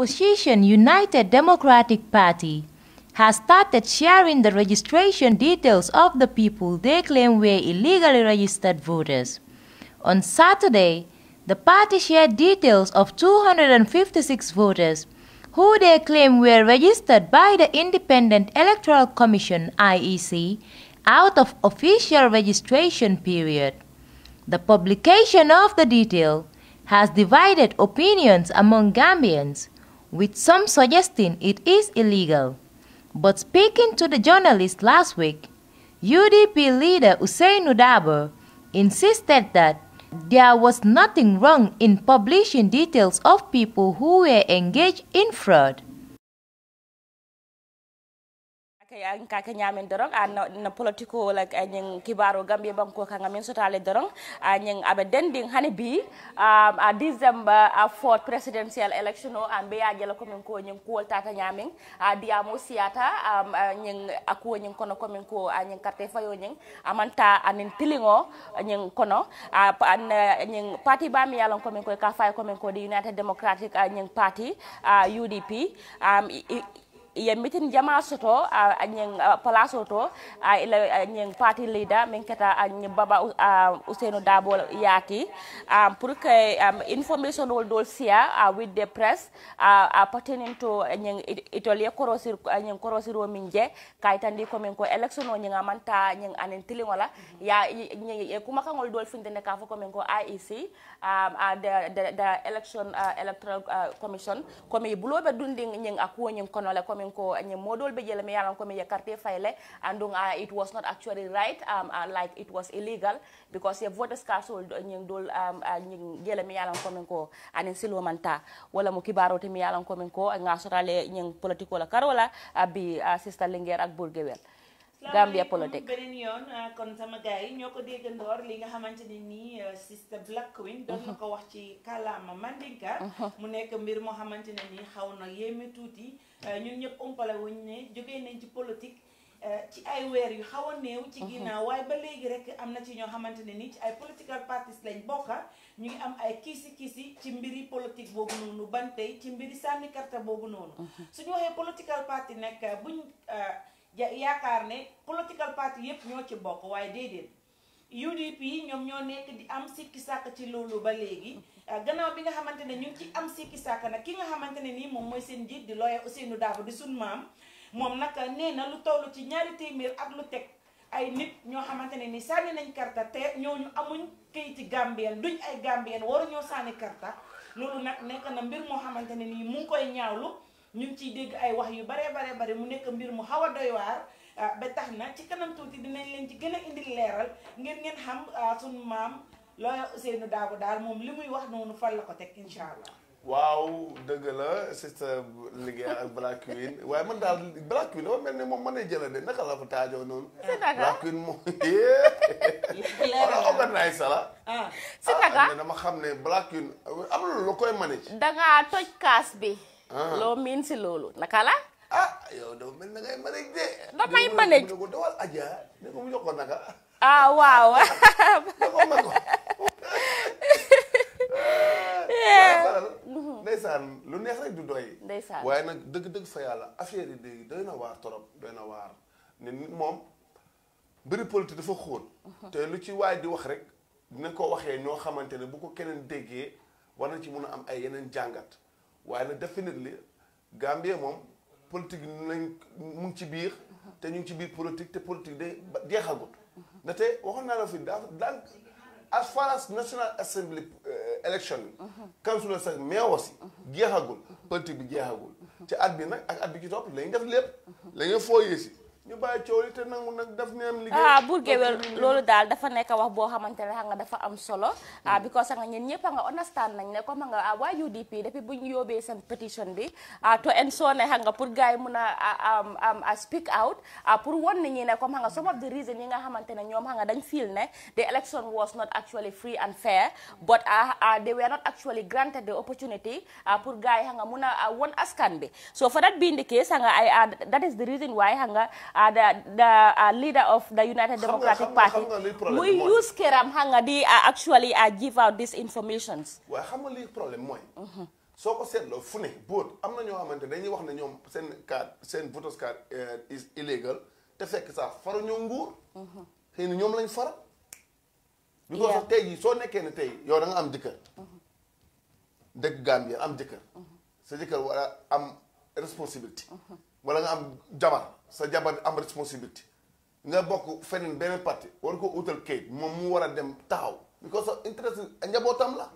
Opposition United Democratic Party has started sharing the registration details of the people they claim were illegally registered voters. On Saturday, the party shared details of 256 voters who they claim were registered by the Independent Electoral Commission IEC out of official registration period. The publication of the detail has divided opinions among Gambians with some suggesting it is illegal. But speaking to the journalist last week, UDP leader Hussein Udabo insisted that there was nothing wrong in publishing details of people who were engaged in fraud. an kake a dorong an no politico like ñing kibaro gambie banko kanga a sotale dorong a ñing aɓe dendin hani bi um, a décembre a fort presidential a o an ɓeya jela komin ko ñing kuwol tata ñamin a diyamo siyata um, a ñing a kuwo ñing kono komin ko a ñing carte fayo ñing amanta anin tiling o ñing kono an ñing parti bami yalon komin koy ka fay komin ko de united democratic a ñing parti a udp um, ya mitin jama soto a nyen place soto a ila nyen party leader min keta a nyen baba Dabo yati um, pour que information wol dol sia a with the press a uh, to uh, itolie korosir uh, korosir o minje tandi ko men ko election o nyen manta nyen anen wala ya nyen kuma kangol dol findene ka fo ko men ko IEC um, uh, the, the, election electoral uh, commission comme bulobe dundi nyen akuo nyen konola comme min ko ñe modol be jele mi yalan komi ye carte fayle andun uh, it was not actually right um, uh, like it was illegal because ye vote scarcol uh, ñing dol um, uh, ñing jele mi yalan komin ko anin uh, silomanta wala mo kibarote mi yalan komin ko nga sotale ñing politico la karola uh, bi uh, sister linguer ak bourguewel Gambia politique beneen yoon ah, kon sama gars yi ñoo ko déggandoor li nga xamante ne nii ah, sister Black Queen doon na ko wax ci kàllaama Mandinka uh-huh. mu nekk mbir moo xamante ne nii xaw na yéeme tuuti ah, ñun ñëpp wu wuñ ne jógee nañ ci politique ci ay weer yu xaw a néew ci uh-huh. ginnaaw waaye ba léegi rek am na ci ñoo xamante ne nii ci ay political parties lañ bokka ñu ngi am ay kiisi kiisi ci mbiri politique boobu noonu bante ci mbiri sànni karta boobu noonu uh-huh. suñu waxee political yaakaar ne political party yépp ñoo ci bokk waaye déedéet UDP ñoom ñoo nekk di am sikki sàkk ci loolu ba léegi ah, gannaaw bi nga xamante ne ñu ngi ci am sikki sàkk nag ki nga xamante ne nii moom mooy seen njiit di lawyer Ousseynou Dabo di suñ maam moom nag nee na lu toll ci ñaari téeméer ak lu teg ay nit ñoo xamante ne ni sànni nañ karta te ñooñu amuñ kayiti gambien duñ ay gambien waruñoo sànni karta loolu nag nekk na mbir moo xamante ne nii mu ngi koy ñaawlu ñu ngi ciy dégg ay wax yu baree baree bare mu nekk mbir mu xaw a doy waar ah, ba tax na ci kanam tuuti dinañ leen ci gën a indil leeral ngeen ngeen xam ah, sunu maam Lawyer Ousainou Darboe daal moom li muy wax noonu fan la ko teg incha allah. waaw dëgg la sister liggéey ak Black Queen waaye man daal Black Queen dafa mel ne moom mën na jëla de naka la fa taajoo noonu. si daga Black Queen moom. léegi organise la. Ah. si daga dama xam ne Black Queen am na lu koy manage. da toj kaas Ah. loo miin si loolu naka la. ah yow dafa mel na ngay manaj de. damay manaj ko dawal aja ne ko mu jox ko naka. ah waaw. Eh. Mhm. ndeysaan lu neex rek du waaye nag dëgg fa yàlla affaire yi day doy na waar moom mbiri politique dafa xóot. Mhm. te lu ci waay di wax rek dina ko waxee ñoo xamante ne bu ko keneen déggee war na ci mun a am ay yeneen jàngat. waaye nag definitely Gambie moom politique nañ mu ngi ci biir te ñu ngi ci biir politique te politique day jeexagut ndaxte waxoon naa la fi daa daan as far as national assembly eh, election bi council sax meewa si jeexagul bi jeexagul ci at bi nag ak at bi ci topp lañu def lépp la ñu fooyee si ñu bàyyi coow ah, loolu daal dafa nekk wax boo xamante ne xam nga dafa am solo ah because nga ñeen ñëpp ne comme nga ah waa bu ñu yóbbee seen pétition bi ah to en soo ne xam nga pour gars yi mun a a speak out ah, pour wan nit ñi ne comme xam nga some nga xamante ne ñoom xam nga dañ feel ne the election was not actually free and fair but ah, ah they were not actually granted the opportunity a won askan bi so for that being the case xam that is the reason why xam uh, the, the uh, leader of the United Democratic Party muy use këram xam nga di actually uh, give out these informations waaye xam nga lii problème mooy soo ko seetloo fu ne boot am na ñoo xamante dañuy wax ne ñoom seen card seen voters card uh, is illegal te fekk sax faru ñoo nguur xëy na ñoom lañ fara bi ko tey soo nekkee na tey yow da nga am jëkkër dëkk Gambie am jëkkër sa jëkkër war a am responsabilité. wala nga am jabar sa jabar am responsabilité. nga bokk feneen beneen parti war ko utal kayit moom mu war a dem taxaw. parce que intérêt njabootam la.